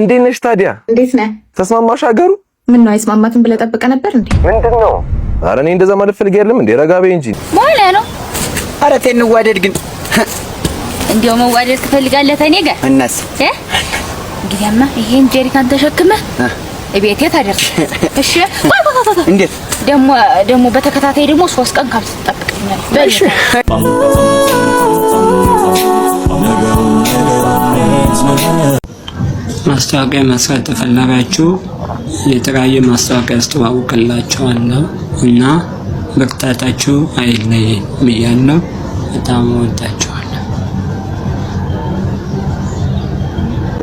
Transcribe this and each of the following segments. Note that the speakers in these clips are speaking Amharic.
እንዴት ነሽ ታዲያ? እንዴት ነህ? ተስማማሽ ሀገሩ? ምን ነው አይስማማትም ብለህ ጠብቀህ ነበር እንዴ? ምንድን ነው? ኧረ እኔ እንደዛ ማለት ፈልጌ አይደለም እንዴ። ረጋ በይ እንጂ ሞላ ነው። አረ ተይ እንዋደድ ግን እንዲያው መዋደድ ትፈልጋለህ ተኔ ጋር እናስ እ እንግዲያማ ይሄን ጀሪካን ተሸክመህ እቤቴ ታደርስ። እሺ ወይ ወይ ወይ እንዴት ደግሞ ደግሞ በተከታታይ ደግሞ ሶስት ቀን ካልተጠብቀኛል። እሺ ማስታወቂያ መስራት ተፈላጋችሁ የተለያየ ማስታወቂያ አስተዋውቅላችኋለሁ እና ብርታታችሁ አይለየን ብያለሁ። በጣም ወዳችኋል።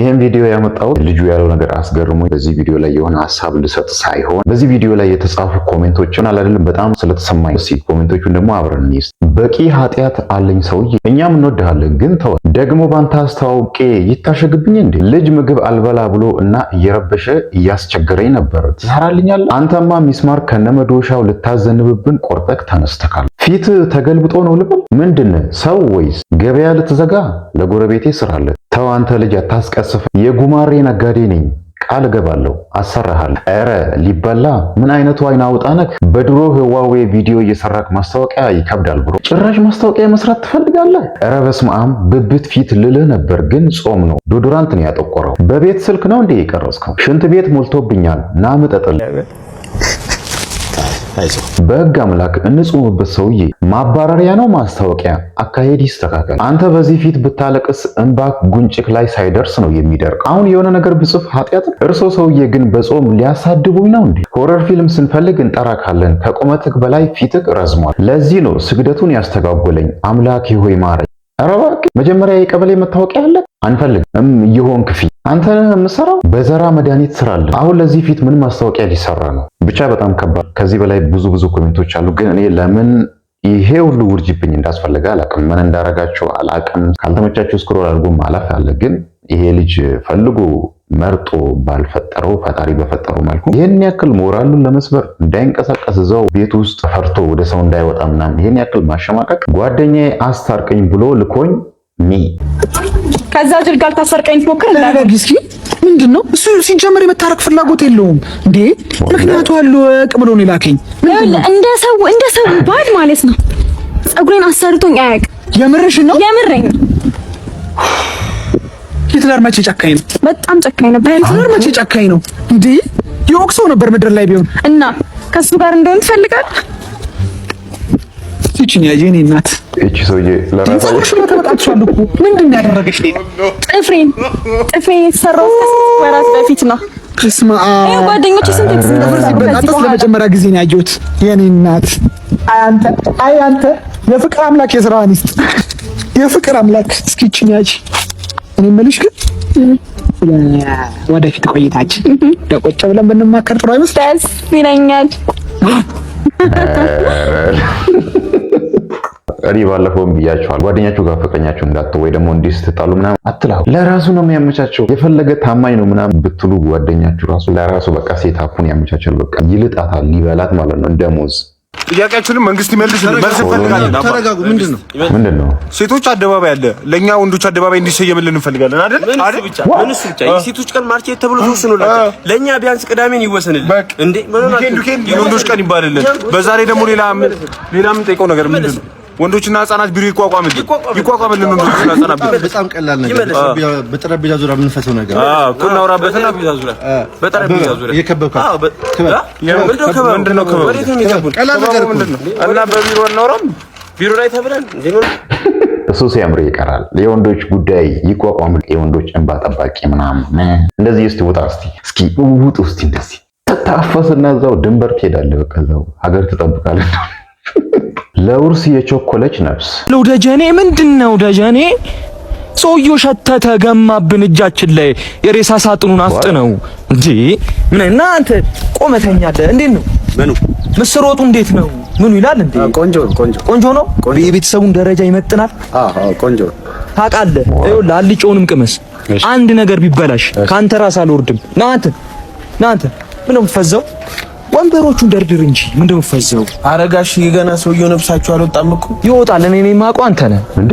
ይህም ቪዲዮ ያመጣሁት ልጁ ያለው ነገር አስገርሞኝ በዚህ ቪዲዮ ላይ የሆነ ሀሳብ ልሰጥ ሳይሆን በዚህ ቪዲዮ ላይ የተጻፉ ኮሜንቶችን አላደለም በጣም ስለተሰማኝ ሲ ኮሜንቶቹን ደግሞ አብረን በቂ ኃጢአት አለኝ ሰውዬ፣ እኛም እንወድሃለን ግን ተው ደግሞ ባንተ አስተዋውቄ ይታሸግብኝ እንዴ ልጅ ምግብ አልበላ ብሎ እና እየረበሸ እያስቸገረኝ ነበር። ትሰራልኛል አንተማ ሚስማር ከነመዶሻው ልታዘንብብን ቆርጠክ ተነስተካል። ፊት ተገልብጦ ነው ልበል? ምንድን ሰው ወይስ ገበያ ልትዘጋ? ለጎረቤቴ ስራለት። ተው አንተ ልጅ አታስቀስፈ። የጉማሬ ነጋዴ ነኝ ቃል እገባለሁ አሰራሃል። ኧረ ሊበላ ምን አይነቱ አይን አውጣነክ በድሮ ህዋዌ ቪዲዮ እየሰራክ ማስታወቂያ ይከብዳል ብሎ ጭራሽ ማስታወቂያ መስራት ትፈልጋለህ? ኧረ በስመ አብ ብብት ፊት ልልህ ነበር፣ ግን ጾም ነው። ዶዶራንት ነው ያጠቆረው። በቤት ስልክ ነው እንዴ የቀረጽከው? ሽንት ቤት ሞልቶብኛል፣ ና በህግ አምላክ እንጹምበት ሰውዬ። ማባረሪያ ነው ማስታወቂያ። አካሄድ ይስተካከል። አንተ በዚህ ፊት ብታለቅስ እንባክ ጉንጭክ ላይ ሳይደርስ ነው የሚደርቅ። አሁን የሆነ ነገር ብጽፍ ኃጢአት። እርሶ ሰውዬ ግን በጾም ሊያሳድቡኝ ነው እንዴ? ሆረር ፊልም ስንፈልግ እንጠራካለን። ከቁመትክ በላይ ፊትክ ረዝሟል። ለዚህ ነው ስግደቱን ያስተጋጎለኝ። አምላክ ሆይ ማረ። ኧረ እባክህ መጀመሪያ የቀበሌ መታወቂያ አለ እም እየሆንክ ፊት አንተ የምሰራው በዘራ መድኃኒት ስራ አለ። አሁን ለዚህ ፊት ምን ማስታወቂያ ሊሰራ ነው? ብቻ በጣም ከባድ። ከዚህ በላይ ብዙ ብዙ ኮሜንቶች አሉ፣ ግን እኔ ለምን ይሄ ሁሉ ውርጅብኝ እንዳስፈለገ አላቅም። ምን እንዳረጋቸው አላቅም። ካልተመቻቸው ስክሮል አድርጎ ማለፍ አለ። ግን ይሄ ልጅ ፈልጎ መርጦ ባልፈጠረው ፈጣሪ በፈጠረው መልኩ ይህን ያክል ሞራሉን ለመስበር እንዳይንቀሳቀስ እዛው ቤት ውስጥ ፈርቶ ወደ ሰው እንዳይወጣ ምናምን ይህን ያክል ማሸማቀቅ ጓደኛዬ አስታርቀኝ ብሎ ልኮኝ ሚ ከዛ ጅል ጋር ታሰርቀኝ ትሞክር እንዳደረግ እስኪ ምንድን ነው እሱ? ሲጀመር የመታረቅ ፍላጎት የለውም እንዴ። ምክንያቱ አለ ብሎ ነው የላከኝ። እንደ ሰው እንደ ሰው ባል ማለት ነው። ጸጉሬን አሰርቶኝ አያውቅም። የምርሽ ነው? የምረኝ ሂትለር መቼ ጨካኝ ነው? በጣም ጨካኝ ነበር። ሂትለር መቼ ጨካኝ ነው እንዴ? የኦክሶ ነበር ምድር ላይ ቢሆን እና ከሱ ጋር እንደሆን ትፈልጋል ይቺን ያጄ እኔ እናት እቺ ሰውዬ ለራሳ ምንድን ነው ያደረገሽ? ጥፍሬን ጥፍሬን የተሰራው ወራት በፊት ነው። ስማ ጓደኞቼ ስንት ጊዜ በጣጣስ ለመጀመሪያ ጊዜ ነው ያየሁት። የኔ እናት አይ አንተ አይ አንተ የፍቅር አምላክ የስራዋን ይስጥ። የፍቅር አምላክ እስኪ እቺን ያጄ እኔ የምልሽ ግን ወደፊት ቆይታችን ቁጭ ብለን ብንማከር ጥሩ አይመስልም? ደስ ይለኛል። ቀሪ ባለፈውም ብያችኋል። ጓደኛችሁ ጋር ፍቅረኛችሁ እንዳትሆን ወይ ደግሞ እንዲህ ስትጣሉ ምናምን አትላሁ። ለራሱ ነው የሚያመቻቸው። የፈለገ ታማኝ ነው ምናምን ብትሉ ጓደኛችሁ ራሱ ለራሱ በቃ ሴት አፑን ያመቻቸል። በቃ ይልጣታል፣ ሊበላት ማለት ነው እንደ ሙዝ። ጥያቄያችሁንም መንግስት ይመልስልን። መልስ እንፈልጋለን። ምንድን ነው ሴቶች አደባባይ አለ፣ ለእኛ ወንዶች አደባባይ እንዲሰየምልን እንፈልጋለን። አይደል አይደል? ብቻ ምንስ ብቻ የሴቶች ቀን ማርኬት ተብሎ ተወስኖላቸው፣ ለእኛ ቢያንስ ቅዳሜን ይወሰንልን እንዴ። የወንዶች ቀን ይባልልን። በዛሬ ደግሞ ሌላ ሌላ ምን ጠይቀው ነገር ምንድን ነው ወንዶችና ህጻናት ቢሮ ይቋቋም እንዴ ይቋቋም። ወንዶችና ህጻናት በጣም ቀላል ነገር፣ በጠረጴዛ ዙሪያ የምንፈተው ነገር። አዎ እኮ ዙሪያ በጠረጴዛ ዙሪያ አዎ፣ ነው ከበብ ቀላል ነገር እና ላይ ተብለን እሱ ሲያምር ይቀራል። የወንዶች ጉዳይ ይቋቋም። የወንዶች እንባ ጠባቂ ምናምን እንደዚህ እስቲ ውጣ እስቲ እስኪ ውጡ እስቲ እንደዚህ ተታፈስና እዛው ድንበር ትሄዳለህ። በቃ እዛው ሀገር ትጠብቃለህ። ለውርስ የቸኮለች ነፍስ ደጀኔ ምንድን ነው ደጀኔ? ሰውዬው ሸተተ ገማብን እጃችን ላይ የሬሳ ሳጥኑን አፍጥ ነው እንጂ ምን እና አንተ ቆመተኛ አለ እንዴት ነው ምኑ ምስር ወጡ እንዴት ነው ምኑ ይላል እንዴ ቆንጆ ቆንጆ ቆንጆ ነው የቤተሰቡን ደረጃ ይመጥናል አዎ ቆንጆ ታውቃለህ ይኸውልህ አልጮውንም ቅመስ አንድ ነገር ቢበላሽ ከአንተ ራስ አልወርድም ና አንተ ና አንተ ምን ነው የምትፈዛው ወንበሮቹን ደርድር እንጂ ምንድን ፈዘው? አረጋሽ የገና ሰውየው ነብሳቸው አልወጣም እኮ ይወጣል። እኔ እኔ ማቋ አንተ ነህ እንዴ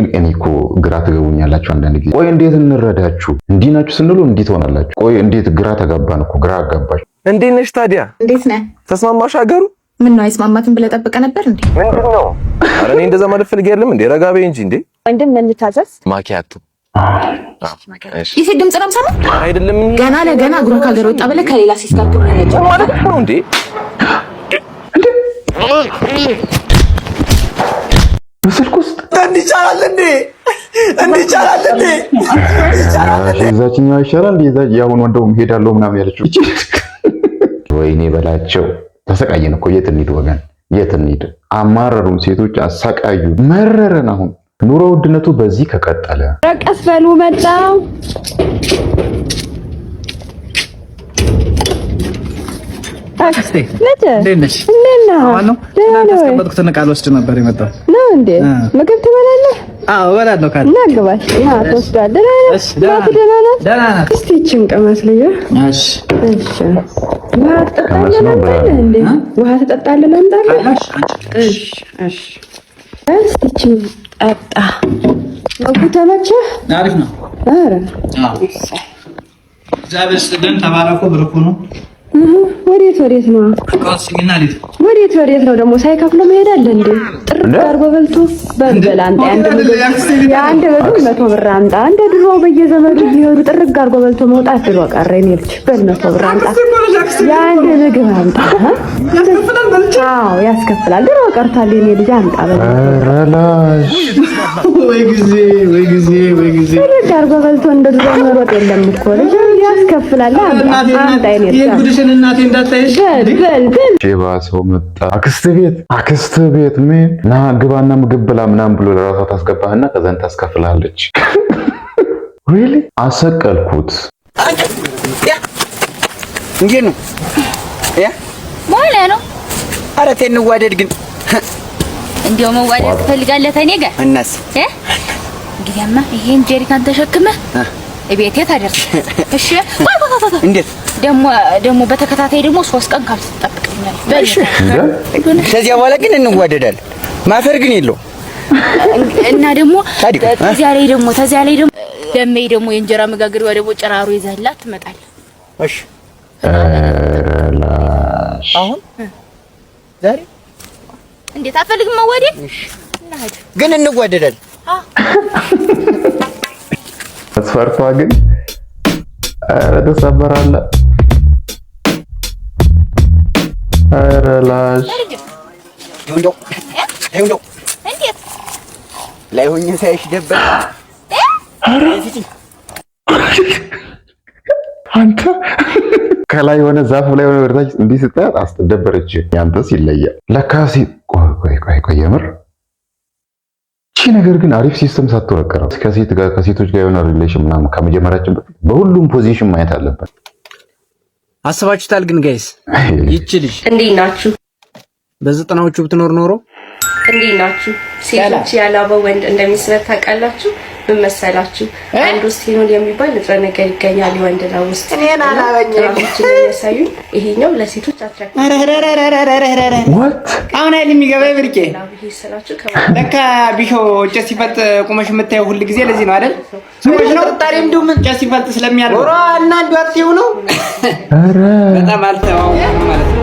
እኔ እኮ ግራ ትገቡኛላችሁ አንዳንድ ጊዜ። ቆይ እንዴት እንረዳችሁ? እንዲህ ናችሁ ስንሉ እንዲህ ትሆናላችሁ። ቆይ እንዴት ግራ ተጋባን እኮ ግራ አጋባች። እንዴት ነሽ ታዲያ? እንዴት ነህ? ተስማማሽ? አገሩ ምን ነው አይስማማትም ብለህ ጠብቀህ ነበር እንዴ? ምንድን ነው? ኧረ እኔ እንደዛ ማለት ፈልጌ አይደለም እንዴ። ረጋ በይ እንጂ እንዴ። ወንድም እንታዘዝ። ማኪያቱ የሴት ድምፅ ነው የምሰማው። አይደለም ገና ለገና እግሩን ከሀገር ወጣ ብለህ ከሌላ ሴት ጋር ማለት ነው እንዴ? እንዲቻላል እንዴ? እንዲቻላል እንዴ? እዛችኛው ይሻላል ያሁን ወንደውም ሄዳለሁ ምናምን ያለችው ወይኔ በላቸው ተሰቃየን እኮ የት እንሂድ ወገን፣ የት እንሂድ? አማረሩን፣ ሴቶች አሳቃዩ፣ መረረን። አሁን ኑሮ ውድነቱ በዚህ ከቀጠለ ረቀስ በሉ ያስቀመጥኩትን ዕቃ ልወስድ ነበር የመጣው። ነው እንዴ? ምግብ ትበላለህ? አዎ እበላለሁ። ካለ ና ግባሽ። አዎ ትወስዳለህ። ደህና ናት። እስኪ ይህቺን ቅመስ ልዩ። እሺ፣ እሺ። ውሃ ትጠጣለህ? ላምጣልህ እንዴ? ውሃ ትጠጣለህ? ላምጣልህ? እሺ፣ እሺ። እስኪ ይህቺን ጠጣ። ምግቡ ተመቸህ? አሪፍ ነው። ኧረ እግዚአብሔር ይስጥልን። ተባረኩ፣ ብርኩ ነው ወዴት ወዴት ነው? ወዴት ወዴት ነው ደግሞ ሳይከፍሉ መሄድ አለ እንዴ? ጥርት አድርጎ በልቶ በልበል አንተ መቶ ብር አምጣ። እንደ ድሮ በየዘመዱ ቢሄዱ ጥርግ አድርጎ በልቶ መውጣት ድሮ ቀረ። ልጅ መቶ ብር አምጣ፣ የአንድ ምግብ አምጣ። አዎ ያስከፍላል። ድሮ ቀርቷል። የኔ ልጅ አምጣ በላሽ። ወይ ጊዜ ወይ ጊዜ ወይ ጊዜ ጥርግ አድርጎ በልቶ እንደ ድሮ መሮጥ የለም እኮ ልጅ ያስከፍላል። አምጣ የኔ ልጅ ግን ሼባ ሰው መጣ አክስት ቤት አክስት ቤት ምን ና ግባና ምግብ ብላ ምናምን ብሎ ለራሷ ታስገባህና ከዛን ታስከፍላለች። ሪሊ አሰቀልኩት። እንዴት ነው በኋላ ነው ኧረ ተይ እንዋደድ ግን እንዲያው መዋደድ ትፈልጋለህ ተኔ ጋር እናስ እንግዲያማ ይሄን ጀሪካን ተሸክመህ እቤቴ ታደርስ እሺ እንዴት ደግሞ በተከታታይ ደግሞ ሶስት ቀን ካልተጠብቅኛል። እሺ፣ ከዚያ በኋላ ግን እንዋደዳለን። ማፈር ግን የለው እና ደግሞ ተዚያ ላይ ደግሞ ተዚያ ላይ ደግሞ ደሜ ደግሞ የእንጀራ መጋገሪያ ደግሞ ጭራሮ ይዘህላት ትመጣለህ። እሺ አሁን ዛሬ እንዴት አፈልግም ወዴ ግን እንዋደዳለን። መስፈርቷ ግን ተሰበራለ ኧረ ላሽ ላይ ሆኜ ሳይሽ ደበር አንተ ከላይ የሆነ ዛፍ ላይ የሆነ ወደታች እንዲህ ስታያት አስደበረች። ያንተስ ይለያል ለካ ሲ ቆይ ቆይ ቆይ የምር ይቺ ነገር ግን አሪፍ ሲስተም ሳትወቀረው ከሴት ጋር ከሴቶች ጋር የሆነ ሪሌሽን ምናምን በሁሉም ፖዚሽን ማየት አለበት። አስባችሁታል? ግን ጋይስ ይቺ ልጅ እንዴት ናችሁ? በዘጠናዎቹ ብትኖር ኖሮ እንዴት ናችሁ? ሴቶች ያለ ወንድ እንደሚስበት ታውቃላችሁ። ምን መሰላችሁ አንድ ሲኖር የሚባል ንጥረ ነገር ይገኛል የወንድ ላም ውስጥ። እኔን አላበኝራችን የሚያሳዩ ይሄኛው ለሴቶች አትራክት አሁን አይል የሚገባ ብርቄ ለካ ቢሾ ጨስ ሲፈልጥ ቁመሽ የምታየው ሁል ጊዜ ለዚህ ነው አይደል? ቁመሽ ነው ጣሪ እንዲሁ ምን ጨስ ሲፈልጥ ስለሚያለው ሮ እና እንዲሁ አትይው ነው በጣም አልተዋው ማለት ነው።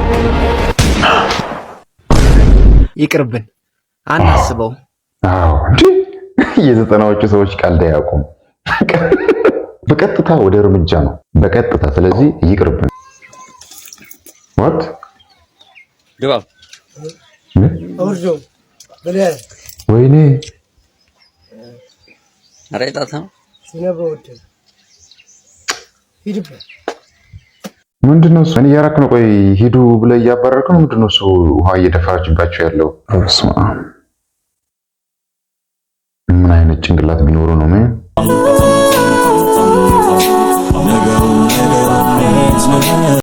ይቅርብን አናስበው። አዎ የዘጠናዎቹ ሰዎች ቀልድ አያውቁም። በቀጥታ ወደ እርምጃ ነው፣ በቀጥታ ስለዚህ ይቅርብን። ወጥ ግባ ወይኔ ምንድን ነው እሱ? እያራክ ነው። ቆይ ሂዱ ብለህ እያባረርክ ነው። ምንድን ነው እሱ? ውሃ እየደፋችባቸው ያለው ጭንቅላት ቢኖሩ ነው